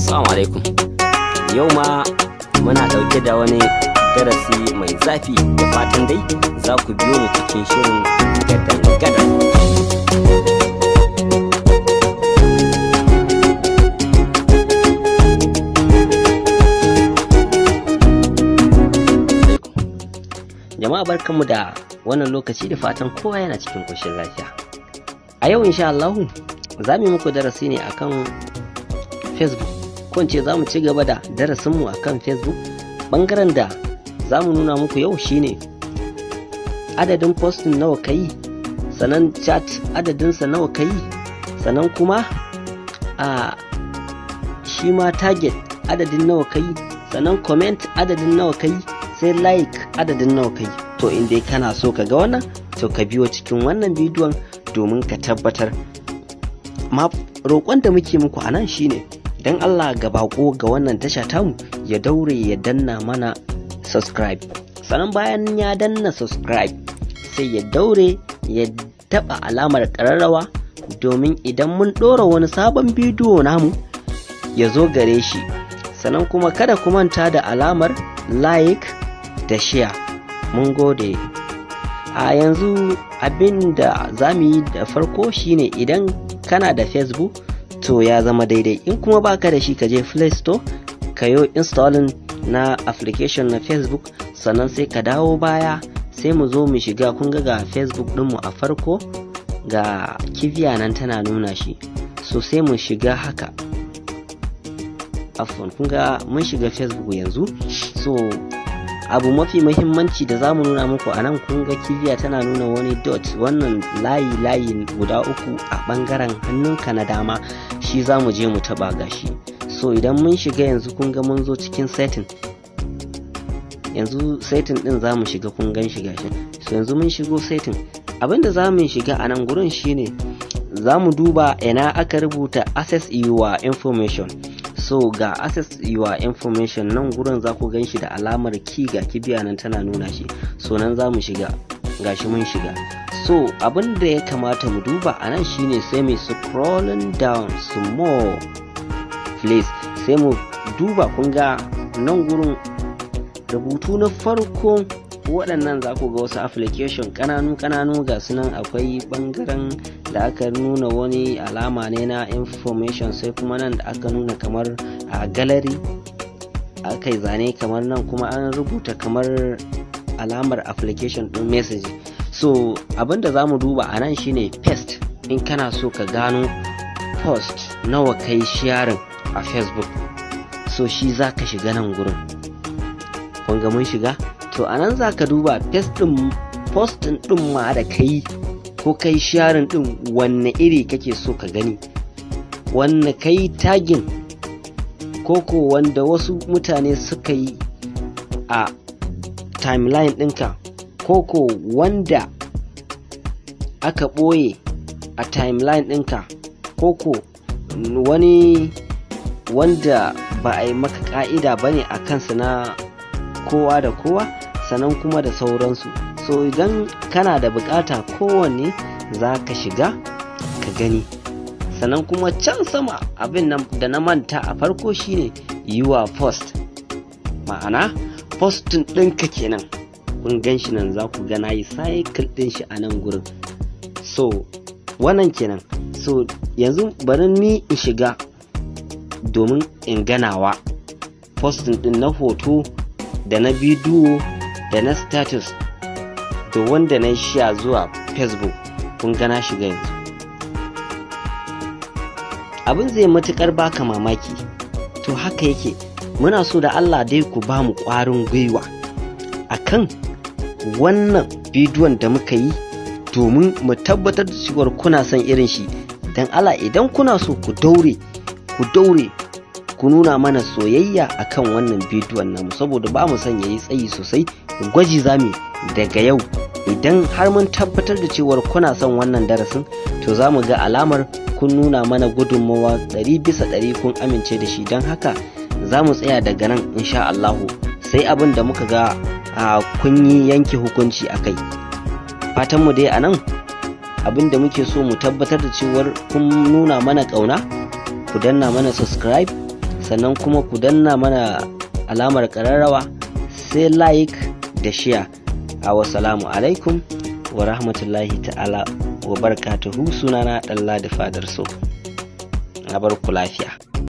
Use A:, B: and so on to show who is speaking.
A: Assalamu alaikum. Yau ma muna ɗauke da wani darasi mai zafi da fatan dai za ku biyo mu cikin shirin gadan-gadan. Jama'a barkanmu da wannan lokaci da fatan kowa yana cikin koshin lafiya. A yau insha Allahu za mu yi muku darasi ne akan Facebook ko ce za mu ci gaba da darasinmu a kan facebook bangaren da za mu nuna muku yau shine adadin postin nawa ka yi sannan chat adadinsa nawa ka yi sannan kuma a shi ma target adadin nawa ka yi sannan comment adadin nawa ka yi sai like adadin nawa ka yi to in dai kana so ka ga wannan to ka biyo cikin wannan bidiyon domin ka tabbatar ma roƙon da muke muku a nan shine don Allah ga bako ga wannan tasha tamu ya daure ya danna mana subscribe sannan bayan ya danna subscribe sai ya daure ya taba alamar kararrawa domin idan mun ɗora wani sabon bidiyo namu ya zo gare shi sannan kuma kada ku manta da alamar like da share mun gode a yanzu abinda da za mu yi da farko shine idan kana da facebook To ya zama daidai in kuma baka da shi ka je play store ka yi installing na application na facebook sannan sai ka dawo baya sai mu zo mu shiga kun ga ga facebook dinmu a farko ga kiviya nan tana nuna shi so sai mu shiga haka afon kun ga mun shiga facebook yanzu so abu mafi mahimmanci da zamu nuna muku a nan kun ga kibiya tana nuna wani dot wannan layi layi guda uku a bangaren hannunka na dama shi zamu je mu taba gashi so idan mun shiga yanzu kun ga mun zo cikin setting yanzu setting din zamu shiga kun gan shi gashi so yanzu mun shigo setting abinda zamu shiga a nan gurin shine zamu duba ina aka rubuta access your information so ga access your information nan gurin za ku gan shi da alamar ki ga kibiya nan tana nuna shi so nan za mu shiga ga shi mun shiga so abin da ya kamata mu duba a nan shine sai mai scrolling down some place sai mu duba kun ga nan gurin rubutu na farko ko waɗannan za ku ga wasu application ƙananu ƙananu ga sunan nan akwai ɓangaren da aka nuna wani alama ne na information sai kuma nan da aka nuna kamar a gallery aka yi zane kamar nan kuma an rubuta kamar alamar application ɗin message so abinda za mu duba a nan shine paste in kana so ka gano post nawa kai sharing a facebook so shi za ka shiga nan gurin kun mun shiga to a nan za ka duba post ɗin ma da ka yi ko kai sharin ɗin wanne iri kake so ka gani wanne kai tagin koko wanda wasu mutane suka yi a timeline ɗinka koko wanda aka ɓoye a timeline ɗinka koko wani wanda ba a yi maka ƙa'ida ba ne a kansa na kowa da kowa sannan kuma da sauransu so idan kana da bukata kowanne za ka shiga ka gani sannan kuma can sama abin da na manta a farko shine yiwa post ma'ana postin ɗinka kenan kun gan shi nan za ku gana yi cycle ɗin shi a nan gurin so wannan kenan so yanzu bari ni in shiga domin in ganawa postin ɗin na hoto da na bidiyo da na status da wanda na shiya zuwa facebook kun gana shiga yanzu abin zai matukar baka mamaki to haka yake muna so da allah dai ku ba mu kwarin gwiwa kan wannan bidiyon da muka yi domin mu tabbatar da cewar kuna son irin shi don allah idan kuna so ku daure ku daure ku nuna mana soyayya a kan wannan bidiyon namu saboda ba mu son yi tsayi sosai gwaji zami daga yau idan har mun tabbatar da cewar kuna son wannan darasin to za mu ga alamar kun nuna mana gudunmawa ɗari bisa ɗari kun amince da shi don haka za mu tsaya daga nan insha Allahu sai abin da muka ga kun yi yanke hukunci a kai fatanmu dai a nan abin da muke so mu tabbatar da cewar kun nuna mana ƙauna ku danna mana subscribe sannan kuma ku danna mana alamar kararrawa sai like da share a wasalamu alaikum wa rahmatullahi ta'ala wa barkatuhu sunana dalla da fadar so na barku lafiya